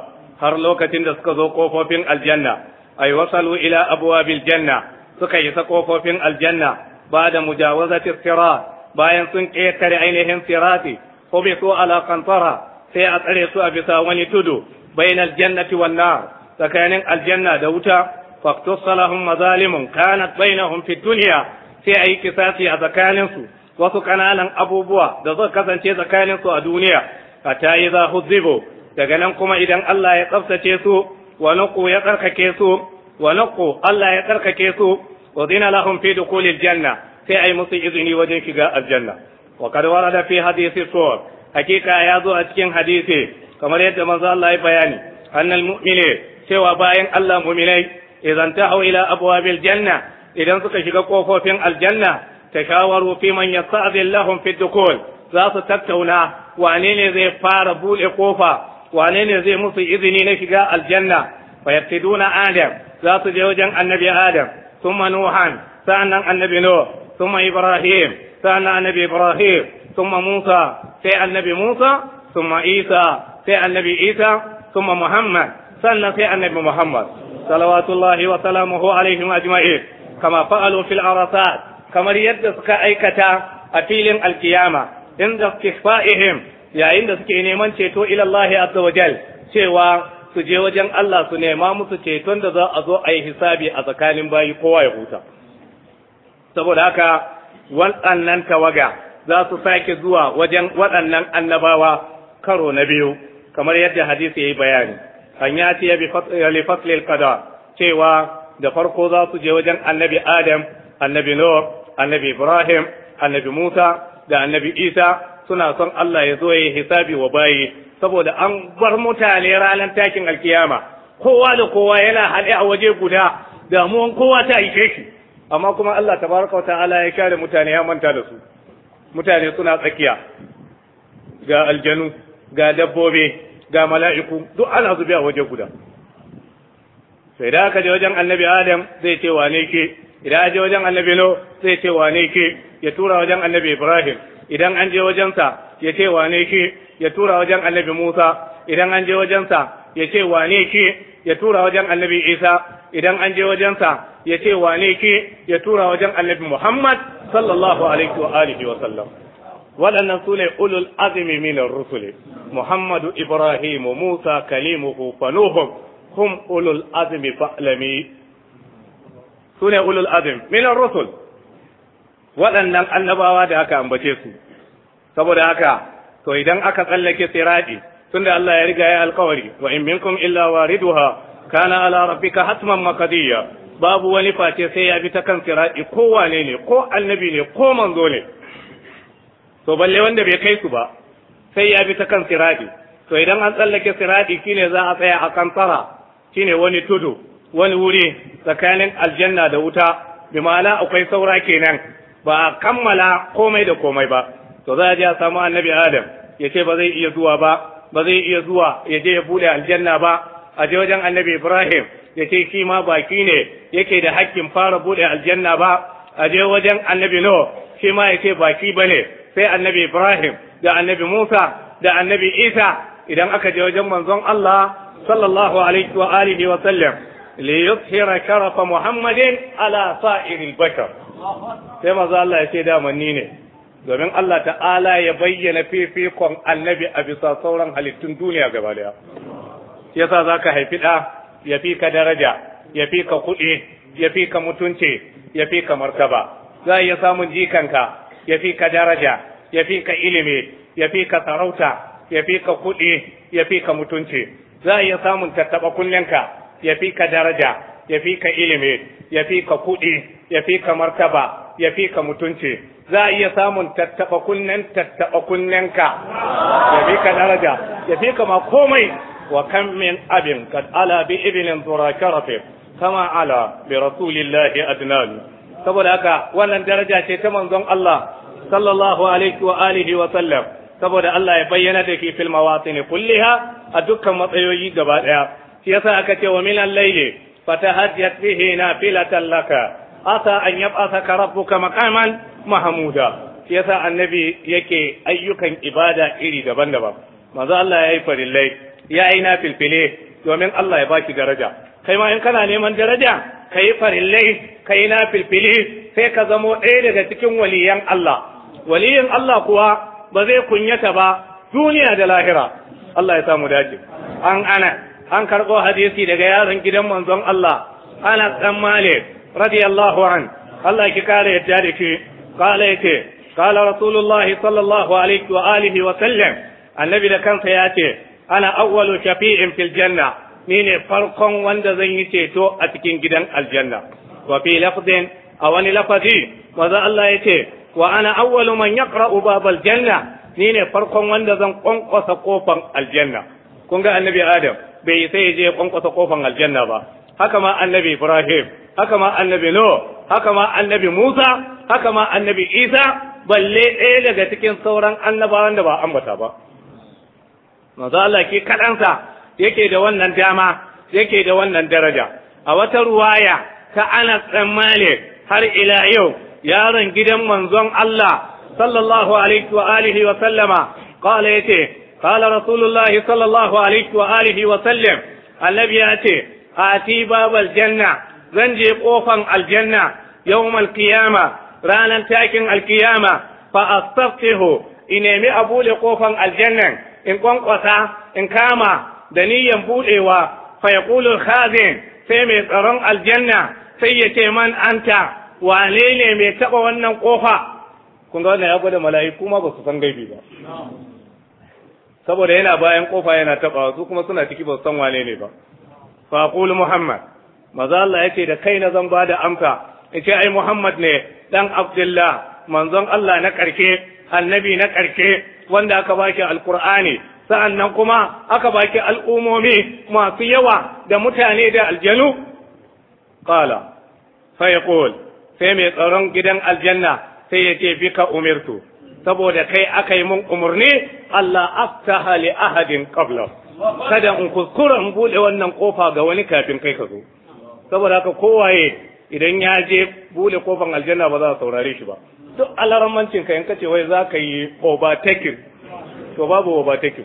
har lokacin da suka zo kofofin aljanna ay wasalu ila abwabil janna suka isa kofofin aljanna ba da mujawazati sirat bayan sun ƙetare ainihin sirati so ala qantara sai a tsare su a bisa wani tudu bainal jannati wan nar tsakanin aljanna da wuta faqtusalahum mazalimun kanat bainahum fid dunya sai ayi kisasi a tsakanin su wasu kananan abubuwa da suka kasance tsakanin su a duniya hatta za huzibu daga nan kuma idan Allah ya tsaftace su wa nuqu ya tsarkake su wa nuqu Allah ya tsarkake su wa dina lahum fi dukhulil janna sai a yi musu izini wajen shiga aljanna wa kad warada fi hadisi sur hakika ya zo a cikin hadisi kamar yadda manzo Allah ya bayani annal mu'mine cewa bayan Allah mu'minai idan tahu ila abwabil janna idan suka shiga kofofin aljanna tashawaru fi man yasta'dhin lahum fi za su tattauna wane ne zai fara bude kofa wane ne zai musu izini na shiga aljanna fa yaftiduna adam za su je wajen annabi adam thumma nuhan فأنا النبي نوح ثم إبراهيم فأنا النبي إبراهيم ثم موسى في النبي موسى ثم عيسى في النبي عيسى ثم محمد فأنا في النبي محمد صلوات الله وسلامه عليهم أجمعين كما فعلوا في العرصات كما يدسك أيكتا أفيلين القيامة عند استخفائهم يا عند سكيني من شيتو إلى الله عز وجل شيوا سجي وجن الله سنة ما مسجيتون دزا أزو أي حسابي أزكالين باي قوى يخوتا saboda haka waɗannan tawaga za su sake zuwa wajen waɗannan annabawa karo na biyu kamar yadda hadisi yayi bayani an ya ce li faslil qada cewa da farko za su je wajen annabi adam annabi nuh annabi ibrahim annabi musa da annabi isa suna son Allah ya zo ya yi hisabi wa bayi saboda an bar mutane ranar takin alkiyama kowa da kowa yana haɗe a waje guda damuwan kowa ta aike shi amma kuma Allah tabaraka wa ta'ala ya kare mutane ya manta da su mutane suna tsakiya ga aljanu ga dabbobi ga mala'iku duk ana zube a waje guda sai da aka je wajen annabi adam zai ce wane ke idan je wajen annabi lo zai ce wane ke ya tura wajen annabi ibrahim idan an je wajensa ya ce wane ke ya tura wajen annabi musa idan an je wajensa ya ce wane ke ya tura wajen annabi isa idan an je wajensa ya ce wane ke ya tura wajen annabi muhammad sallallahu alaihi wa alihi wa sallam waɗannan su ne ulul azumi minar rusuli muhammadu ibrahimu musa Kalimu, fanuhum hum ulul azumi fa'lami su ne ulul azim? minar rusul waɗannan annabawa da aka ambace su saboda haka to idan aka tsallake siradi tunda Allah ya riga ya alkawari wa in minkum illa wariduha kana ala rabbika hatman makadiya babu wani face sai ya bi ta kan sirati ko wane ne ko annabi ne ko manzo ne to balle wanda bai kai su ba sai ya bi ta kan sirati to idan an tsallake sirati shine za a tsaya a kan tsara shine wani tudu wani wuri tsakanin aljanna da wuta bi ma'ana akwai saura kenan ba a kammala komai da komai ba to za a je a samu annabi adam ya ce ba zai iya zuwa ba ba zai iya zuwa ya je ya bude aljanna ba a je wajen annabi ibrahim ya ce shi ma baki ne yake da hakkin fara bude aljanna ba a je wajen annabi no shi ma ya ce baki ba ne sai annabi ibrahim da annabi musa da annabi isa idan aka je wajen manzon allah sallallahu alaihi wa alihi wa sallam li yuthhira sharafa muhammadin ala sa'iril bashar sai maza allah ya ce damanni ne domin Allah ta'ala ya bayyana fifikon annabi a bisa sauran halittun duniya gaba daya yasa zaka haifi da ya fi ka daraja ya fi ka kuɗi ya fi ka mutunci ya fi ka martaba za iya samun jikanka ya fi ka daraja ya fi ka ilimi ya fi ka sarauta ya fi ka kuɗi ya fi ka mutunci za iya samun tattaɓa kullenka ya fi ka daraja ya fi ka ilimi ya fi ka kuɗi ya fi ka martaba ya fi ka mutunci za a iya samun tattaɓa kunnen tattaɓa kunnenka ya fi ka daraja ya fi ka ma komai wa kan min abin kad ala bi ibnin turakarafe kama ala bi rasulillahi adnan saboda haka wannan daraja ce ta manzon Allah sallallahu alaihi wa alihi wa sallam saboda Allah ya bayyana da ke fil mawatin kulliha a dukkan matsayoyi gaba daya shi yasa aka ce wa min al-layli fatahajjat bihi nafilatan laka asa an yab'athaka rabbuka maqaman mahamuda yasa annabi yake ayyukan ibada iri daban-daban manzo Allah ya yi farillai ya yi nafilfile domin Allah ya baki daraja kai ma in kana neman daraja ka yi farillai ka yi nafilfile sai ka zamo ɗaya daga cikin waliyan Allah waliyin Allah kuwa ba zai kunyata ba duniya da lahira Allah ya samu dace an ana an karɓo hadisi daga yaron gidan manzon Allah Anas dan Malik radiyallahu an Allah ki kare yadda da ke قال يتي قال رسول الله صلى الله عليه وآله وسلم النبي da kansa ya ce ana awwalu shafi'in fil janna ni ne farkon wanda zan yi ceto a cikin gidan aljanna wa fi a wani lafazi maza Allah ya ce wa ana awwalu man yaqra'u janna ni ne farkon wanda zan kwankwasa kofan aljanna kun ga annabi adam bai sai ya je kwankwasa ƙofan aljanna ba haka ma annabi Ibrahim haka ma annabi Nuh haka ma annabi Musa haka ma annabi Isa balle ɗaya daga cikin sauran annabawan da ba ambata ba manzo Allah ke kaɗansa yake da wannan dama yake da wannan daraja a wata ruwaya ta Anas dan har ila yau yaron gidan manzon Allah sallallahu alaihi wa alihi wa sallama ya ce qala rasulullahi sallallahu alaihi wa alihi wa sallam annabi ce. Hati babal janna zan je kofan aljanna yawmal qiyama ranan takin alqiyama fa astaftihu in nemi a buɗe kofan aljannan in ƙwanƙwasa in kama da niyyan budewa fa yaqulu khazin sai mai tsaron aljanna sai ya ce man anta wane ne mai taba wannan kofa kun ga wannan ya gwada mala'iku kuma ba su san gaibi ba saboda yana bayan kofa yana taba su kuma suna ciki ba su san wane ne ba fa muhammad maza Allah yake da kaina zan ba da amsa yace ai muhammad ne ɗan abdullah manzon Allah na karke annabi na karke wanda aka baki sa'an sa'annan kuma aka baki al'ummomi masu yawa da mutane da aljanu qala sai yaqul sai mai tsaron gidan aljanna sai yace bika umirtu saboda kai aka yi mun umarni Allah aftaha li ahadin qabla kada in kuskura in bude wannan kofa ga wani kafin kai ka zo saboda haka kowaye idan ya je bude kofan aljanna ba za a saurare shi ba duk alarmancin ka in kace wai za ka yi overtaking to babu overtaking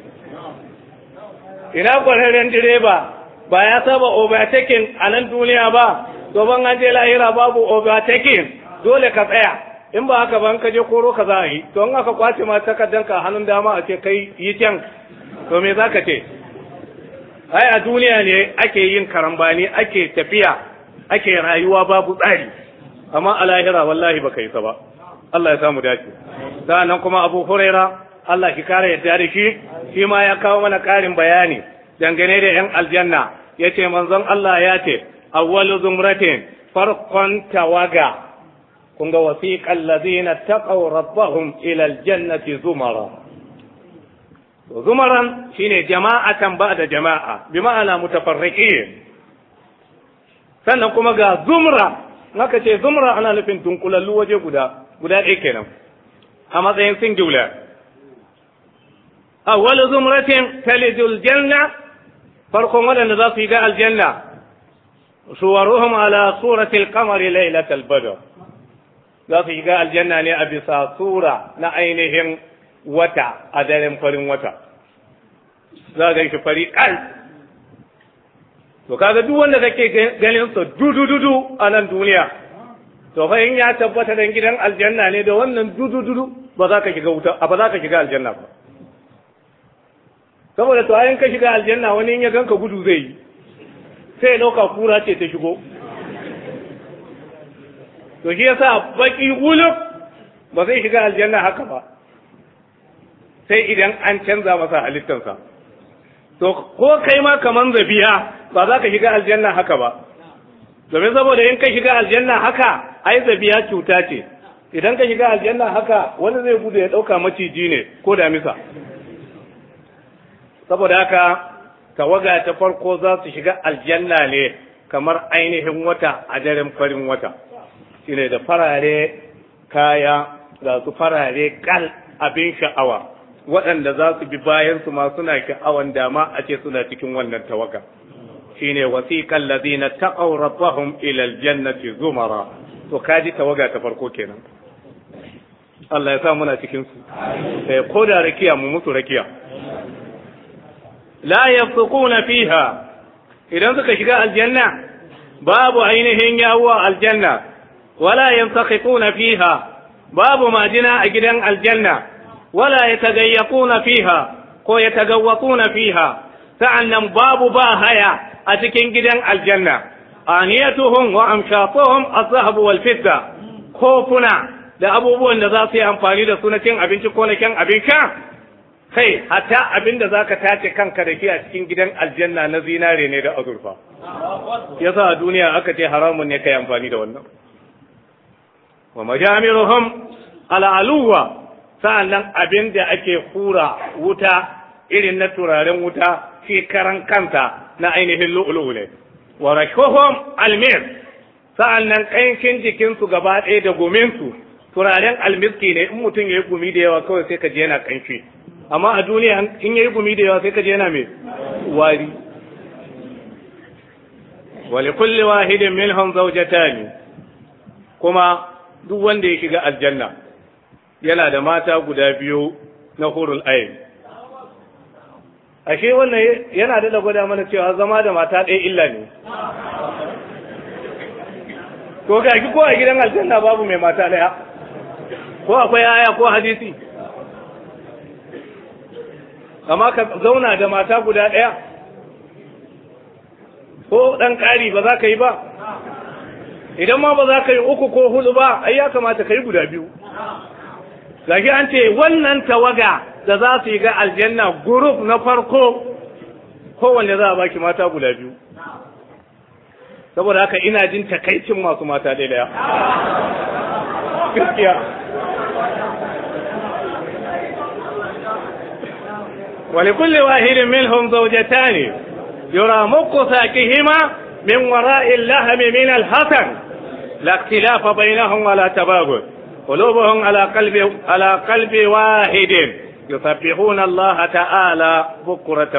ina kwararren direba ba ya saba overtaking a nan duniya ba to ban an je lahira babu overtaking dole ka tsaya in ba haka ba in ka je koro ka za a yi to in aka kwace ma takardanka hannun dama a ce kai yi can to me za ka ce ai a duniya ne ake yin karambani ake tafiya ake rayuwa babu tsari amma a lahira wallahi baka yi ba Allah ya samu dace sa'annan kuma Abu Huraira Allah ki kare ya da shi shi ma ya kawo mana karin bayani dangane da yan aljanna ya ce manzon Allah ya ce awwalu zumratin farqan tawaga kun ga wasiqal ladina taqaw rabbahum ila aljannati zumara zumaran shine jama'atan ba da jama'a bi ma'ana mutafarriqin sannan kuma ga zumra naka ce zumra ana nufin dunkulallu waje guda guda ɗaya kenan a matsayin singular awwal zumratin talidul janna farkon waɗanda za su yi ga aljanna suwaruhum ala suratil qamari lailatal badr za su yi ga aljanna ne a bisa sura na ainihin wata a daren farin wata za ga shi fari kal to kaga duk wanda kake ganin sa dudududu a nan duniya to fa in ya tabbata dan gidan aljanna ne da wannan dudududu ba za ka shiga wuta ba za ka shiga aljanna ba saboda to ayin ka shiga aljanna wani in ya ganka gudu zai yi sai ya kura ce ta shigo to shi yasa baki wuluf, ba zai shiga aljanna haka ba sai idan an canza masa halittarsa to ko kai ma kamar zabiya ba za ka shiga aljanna haka ba domin saboda in ka shiga aljanna haka ai zabiya cuta ce idan ka shiga aljanna haka wani zai bude ya ɗauka maciji ne ko damisa saboda haka tawaga ta farko za su shiga aljanna ne kamar ainihin wata a daren farin wata shine da farare kaya za su farare kal abin sha'awa waɗanda za su bi bayan su ma suna sha'awan dama a ce suna cikin wannan tawaga Shi shine wasiqal ladina taqaw rabbahum ila aljannati zumara to kaji tawaga ta farko kenan Allah ya sa muna cikin su eh ko da rakiya mu mutu rakiya la yafquna fiha idan suka shiga aljanna babu ainihin yawwa aljanna wala yansakhuna fiha babu majina a gidan aljanna wala yatagayyaquna fiha ko yatagawwaquna fiha sa'annan babu ba haya a cikin gidan aljanna aniyatuhum wa amshatuhum az-zahab wal ko kofuna da abubuwan da za su yi amfani da su na cin abinci ko na cin abin kai hatta abin da zaka tace kanka da shi a cikin gidan aljanna na zinare ne da azurfa yasa a duniya aka ce haramun ne kai amfani da wannan wa majamiruhum ala aluwa sa'annan abin da ake hura wuta irin na turaren wuta shi karan kanta na ainihin lu'ulu'u ne wa rashuhum almir sa'annan ƙanshin jikinsu gaba ɗaya da gominsu, turaren almiski ne in mutum ya yi gumi da yawa kawai sai ka je yana ƙanshi. amma a duniya in ya yi gumi da yawa sai ka je yana mai wari ولكل milhon zaujata ne? kuma duk wanda ya shiga aljanna yana da mata guda biyu na hurul ayin ashe wannan yana da gwada mana cewa zama da mata ɗaya illa ne ko ga ko a gidan aljanna babu mai mata ɗaya ko akwai aya ko hadisi amma ka zauna da mata guda ɗaya ko ɗan ƙari ba za ka yi ba idan ma ba za ka yi uku ko hudu ba ai ya kamata ka yi guda biyu Daga an ce wannan tawaga da za su yi ga aljanna guruf na farko kowanne za a baki mata guda biyu. Saboda haka ina jin takaicin masu mata daidaya. Gaskiya. Wani kulle wahirin milhun zaujata ne, yura muku saƙi hima min wara'in lahami min alhassan, laktila fa bainahun wala tabagun. قلوبهم على قلب على قلب واحد يسبحون الله تعالى بكرة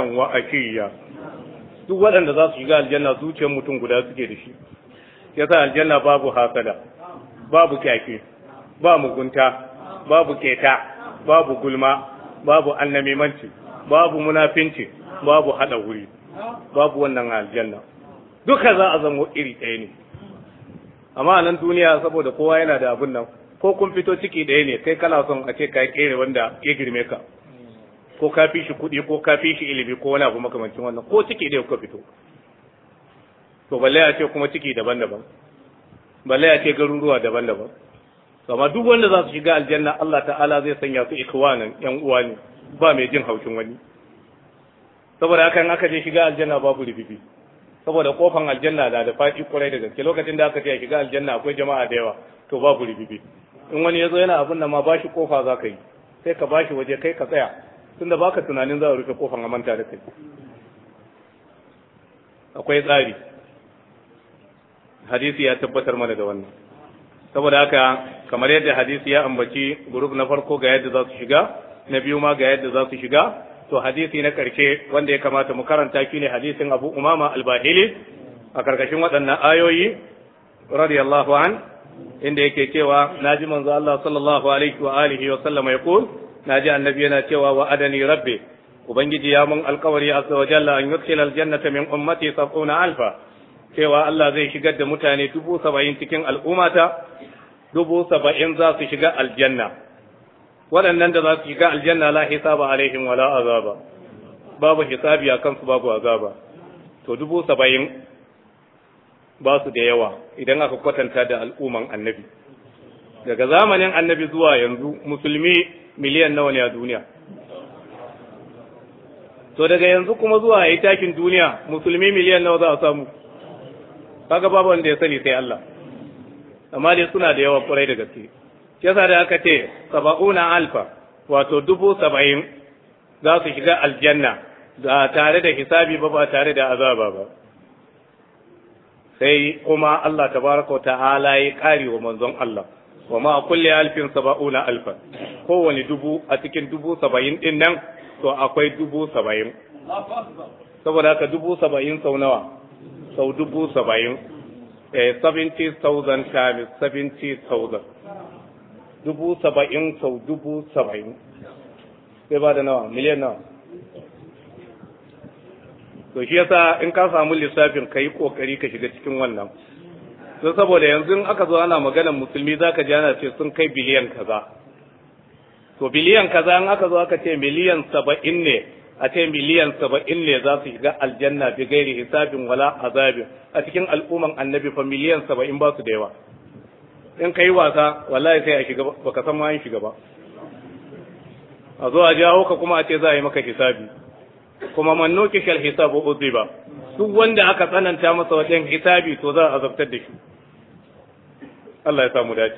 duk waɗanda za su shiga aljanna zuciyar mutum guda suke da shi ya sa aljanna babu hasada babu kyafi ba mugunta babu keta babu gulma babu annamimanci babu munafinci babu haɗa wuri babu wannan aljanna duka za a zamo iri ɗaya ne amma a nan duniya saboda kowa yana da abin nan ko kun fito ciki ɗaya ne kai kana son a ce ka kere wanda ya girme ka ko ka fi shi kuɗi ko ka fi shi ilimi ko wani abu makamancin wannan ko ciki ɗaya kuka fito to balle a ce kuma ciki daban-daban balle a ce garuruwa daban-daban to amma duk wanda za su shiga aljanna Allah ta'ala zai sanya su ikwanan yan uwa ne ba mai jin haushin wani saboda haka in aka je shiga aljanna babu rififi saboda kofan aljanna na da faɗi kwarai da gaske lokacin da aka ce shiga aljanna akwai jama'a da yawa to babu rififi in wani ya zo yana abin da ma ba shi kofa za ka yi sai ka ba shi waje kai ka tsaya tun tunda baka tunanin za a rufe kofan a manta da kai akwai tsari hadisi ya tabbatar mana da wannan saboda haka kamar yadda hadisi ya ambaci guruf na farko ga yadda za su shiga na biyu ma ga yadda za su shiga to hadisi na karshe wanda ya kamata mu karanta shi ne hadisin abu umama albahili a karkashin waɗannan ayoyi radiyallahu an inda yake cewa naji manzo Allah sallallahu alaihi wa alihi wa sallama yaqul naji annabi yana cewa wa adani rabbi ubangiji ya mun alkawari azza wa jalla an yudkhila aljannata min ummati sab'una alfa cewa Allah zai shigar da mutane dubu saba'in cikin al'ummata dubu saba'in za su shiga aljanna waɗannan da za su shiga aljanna la hisaba alaihim wala azaba babu hisabi akan su babu azaba to dubu saba'in ba su da yawa idan aka kwatanta da al'umman annabi daga zamanin annabi zuwa yanzu musulmi miliyan nawa ne a duniya to daga yanzu kuma zuwa yi takin duniya musulmi miliyan nawa za a samu kaga babu wanda ya sani sai Allah amma dai suna da yawa kwarai da gaske yasa da aka ce saba'una alfa wato dubu saba'in za su shiga aljanna da tare da hisabi ba ba tare da azaba ba sai kuma Allah tabaraka wa ta'ala ya kare wa manzon Allah wa ma kulli alfin saba'una alfa kowane dubu a cikin dubu saba'in din nan to akwai dubu saba'in saboda haka dubu saba'in sau nawa sau dubu saba'in eh 70,000 times thousand dubu saba'in sau dubu saba'in sai ba da nawa miliyan nawa to shi yasa in ka samu lissafin ka yi kokari ka shiga cikin wannan don saboda yanzu in aka zo ana maganar musulmi za ka ji ana ce sun kai biliyan kaza to biliyan kaza in aka zo aka ce miliyan saba'in ne a ce miliyan saba'in ne za su shiga aljanna bi gairi hisabin wala azabin a cikin al'umman annabi fa miliyan saba'in ba su da yawa in ka yi wasa wallahi sai a shiga baka san ma an shiga ba a zo a jawo ka kuma a ce za a yi maka hisabi kuma man nukisha hisabu udiba duk wanda aka tsananta masa wajen hisabi to za a azabtar da shi Allah ya samu dace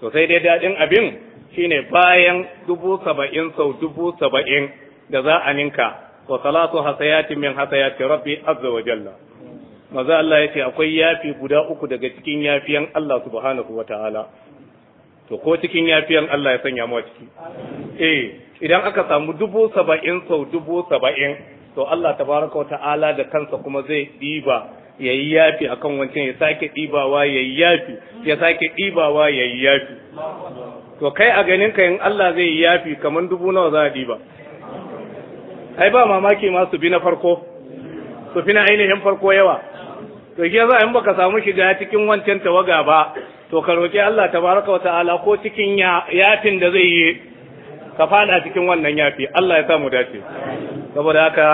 to sai dai dadin abin shine bayan dubu saba'in sau dubu saba'in da za a ninka wa salatu hasayatin min hasayati rabbi azza wa jalla maza Allah ya ce akwai yafi guda uku daga cikin yafiyan Allah subhanahu wa ta'ala to ko cikin yafiyan Allah ya sanya mu a ciki eh idan aka samu dubu saba'in sau dubu saba'in to Allah baraka wa ta'ala da kansa kuma zai ɗiba ya yi yafi a kan wancan ya sake ɗibawa ya yi yafi ya sake ɗibawa ya yi yafi to kai a ganin ka in Allah zai yi yafi kamar dubu nawa za a ɗiba ai ba mamaki ma su bi na farko su fi na ainihin farko yawa to ke za in baka samu shiga cikin wancan tawaga ba to ka roƙi Allah tabaraka wa ta'ala ko cikin yafin da zai yi ka fada cikin wannan yafi Allah ya sa mu dace saboda haka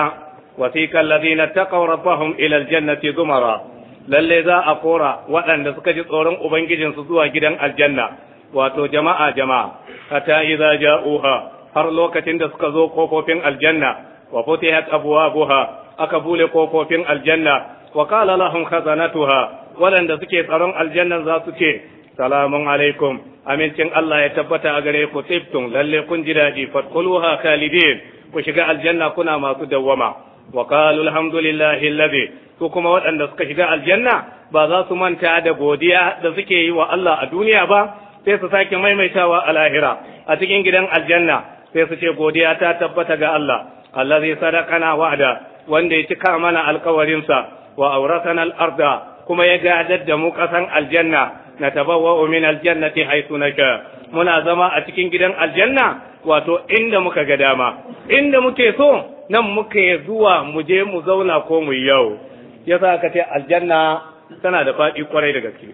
wasiqa alladhina taqaw rabbahum ila aljannati zumara lalle za a kora waɗanda suka ji tsoron ubangijin su zuwa gidan aljanna wato jama'a jama'a hatta idza ja'uha har lokacin da suka zo kofofin aljanna wa futihat abwabuha aka bule kofofin aljanna wa qala lahum khazanatuha waɗanda suke tsaron aljannan za su ce salamun alaikum amincin Allah ya tabbata a gare ku tsibtum lalle kun ji daɗi fadkhuluha khalidin ku shiga aljanna kuna masu dawwama wa qalu alhamdulillahi alladhi ku kuma waɗanda suka shiga aljanna ba za su manta da godiya da suke yi wa Allah a duniya ba sai su sake maimaitawa a lahira a cikin gidan aljanna sai su ce godiya ta tabbata ga Allah allazi sadaqana wa'ada wanda ya cika mana alkawarinsa wa auratana al-arda kuma ya gadar da mu kasan aljanna Na natabawwa'u min aljannati haythu nasha muna zama a cikin gidan aljanna wato inda muka ga dama inda muke so nan muke zuwa mu je mu zauna ko mu yau yasa ka ce aljanna tana da faɗi kwarai da gaske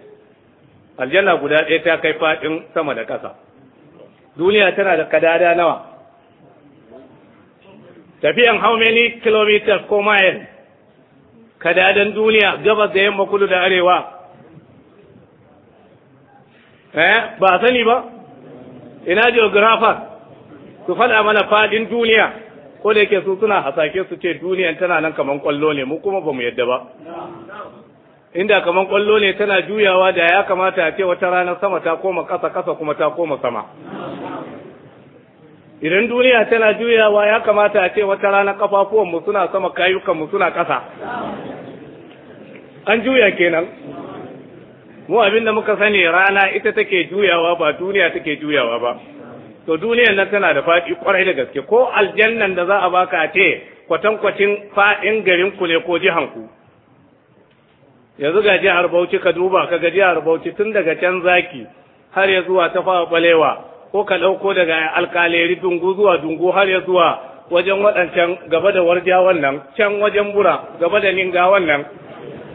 aljanna guda ɗaya ta kai faɗin sama da ƙasa duniya tana da kadada nawa tafiyan how many kilometers ko mile kadadan duniya gabas da yamma kudu da arewa eh ba sani ba ina geographer su faɗa mana faɗin duniya ko da yake su suna hasake su ce duniyan tana nan kaman kwallo ne mu kuma ba mu yadda ba inda kaman kwallo ne tana juyawa da ya kamata a ce wata ranar sama ta koma ƙasa ƙasa kuma ta koma sama idan duniya tana juyawa ya kamata a ce wata rana kafafuwanmu suna sama kayukanmu suna ƙasa an juya kenan mu abin da muka sani rana ita take juyawa ba duniya take juyawa ba to duniyar nan tana da faɗi kwarai da gaske ko aljannan da za a baka ce kwatankwacin faɗin garin ku ne ko jihan ku yanzu ga jihar Bauchi ka duba ka ga jihar Bauchi tun daga can zaki har ya zuwa ta fawa balewa ko ka ɗauko daga alkaleri dungu zuwa dungu har ya zuwa wajen waɗancan gaba da warja wannan can wajen bura gaba da ninga wannan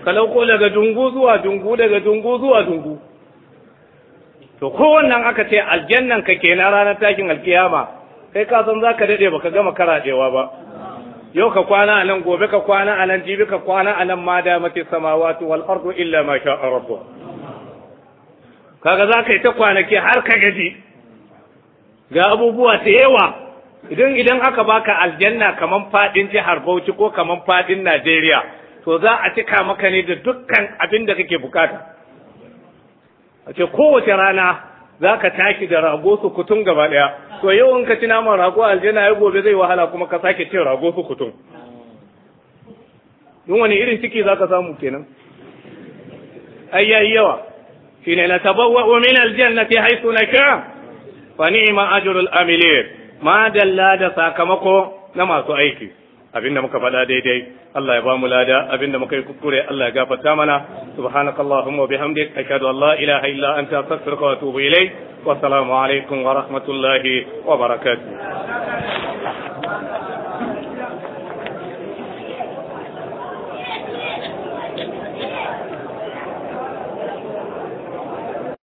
ka lauko daga dungu zuwa dungu daga dungu zuwa dungu to kowannan aka ce aljannan ka kenan ranar takin alkiyama kai ka san zaka dade baka gama karadewa ba yau ka kwana a nan gobe ka kwana a nan jibi ka kwana a nan ma da mace samawati wal ardu illa ma sha rabbu kaga zaka yi ta kwanaki har ka gaji ga abubuwa ta yawa idan idan aka baka aljanna kaman fadin jihar Bauchi ko kaman fadin Najeriya to za a cika maka ne da dukkan abin da kake bukata a ce kowace rana za ka tashi da rago su kutun gaba ɗaya to yau ka ci naman rago aljanna ya gobe zai wahala kuma ka sake cin rago su kutun don wani irin ciki za ka samu kenan ai yawa yawa ne na wa min fi haythu nasha fa ni'ma ajrul amilin ma dalla da sakamako na masu aiki abinda muka faɗa daidai Allah ya ba mu lada abinda muka yi kukure Allah ya gafarta mana subhanakallahumma wa bihamdik ashhadu an la ilaha illa anta astaghfiruka wa atubu ilayk wa assalamu alaikum wa rahmatullahi wa barakatuh